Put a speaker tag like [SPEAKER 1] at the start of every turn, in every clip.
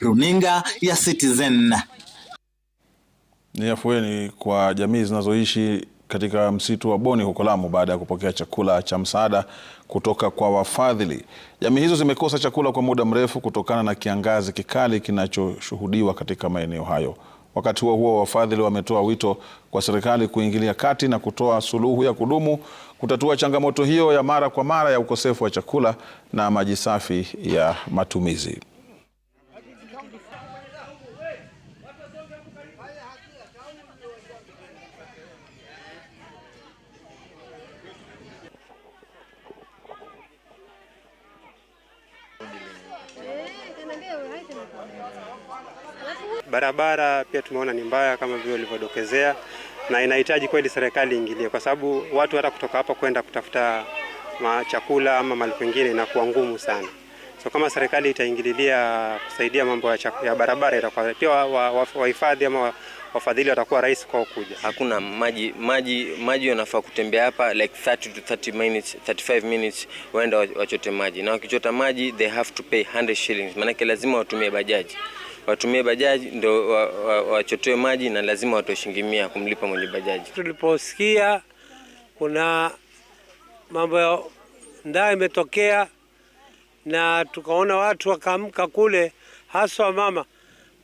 [SPEAKER 1] runinga ya Citizen.
[SPEAKER 2] Ni afueni kwa jamii zinazoishi katika msitu wa Boni huko Lamu baada ya kupokea chakula cha msaada kutoka kwa wafadhili. Jamii hizo zimekosa chakula kwa muda mrefu kutokana na kiangazi kikali kinachoshuhudiwa katika maeneo hayo. Wakati huo huo, wafadhili wametoa wito kwa serikali kuingilia kati na kutoa suluhu ya kudumu kutatua changamoto hiyo ya mara kwa mara ya ukosefu wa chakula na maji safi ya matumizi.
[SPEAKER 3] Barabara pia tumeona ni mbaya kama vile ulivyodokezea, na inahitaji kweli serikali iingilie, kwa sababu watu hata kutoka hapa kwenda kutafuta chakula ama mali pengine inakuwa ngumu sana. So kama serikali itaingililia kusaidia mambo ya, ya barabara itakuwa pia wahifadhi wa, wa, wa ama wafadhili watakuwa rahisi kwao kuja.
[SPEAKER 4] Hakuna maji maji maji, wanafaa kutembea hapa like 30 to 30 minutes, 35 minutes waenda wachote maji, na wakichota maji they have to pay 100 shillings, maanake lazima watumie bajaji watumie bajaji ndio wachotoe wa, wa maji na lazima watoe shilingi mia kumlipa mwenye bajaji.
[SPEAKER 5] Tuliposikia kuna mambo ya ndaa imetokea na tukaona watu wakaamka kule, haswa wamama,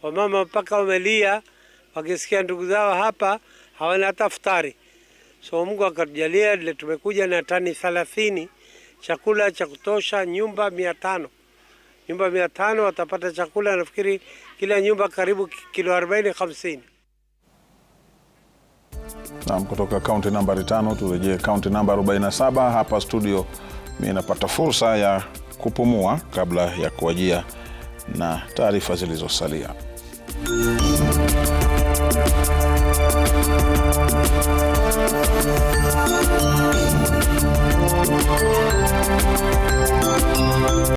[SPEAKER 5] wamama mpaka wamelia wakisikia ndugu zao hapa hawana hata futari. So Mungu akatujalia tumekuja na tani thalathini chakula cha kutosha, nyumba mia tano nyumba mia tano watapata chakula, nafikiri kila nyumba karibu kilo arobaini hamsini.
[SPEAKER 2] Naam, kutoka kaunti nambari tano turejee kaunti namba 47. Hapa studio mimi napata fursa ya kupumua kabla ya kuajia na taarifa zilizosalia. Música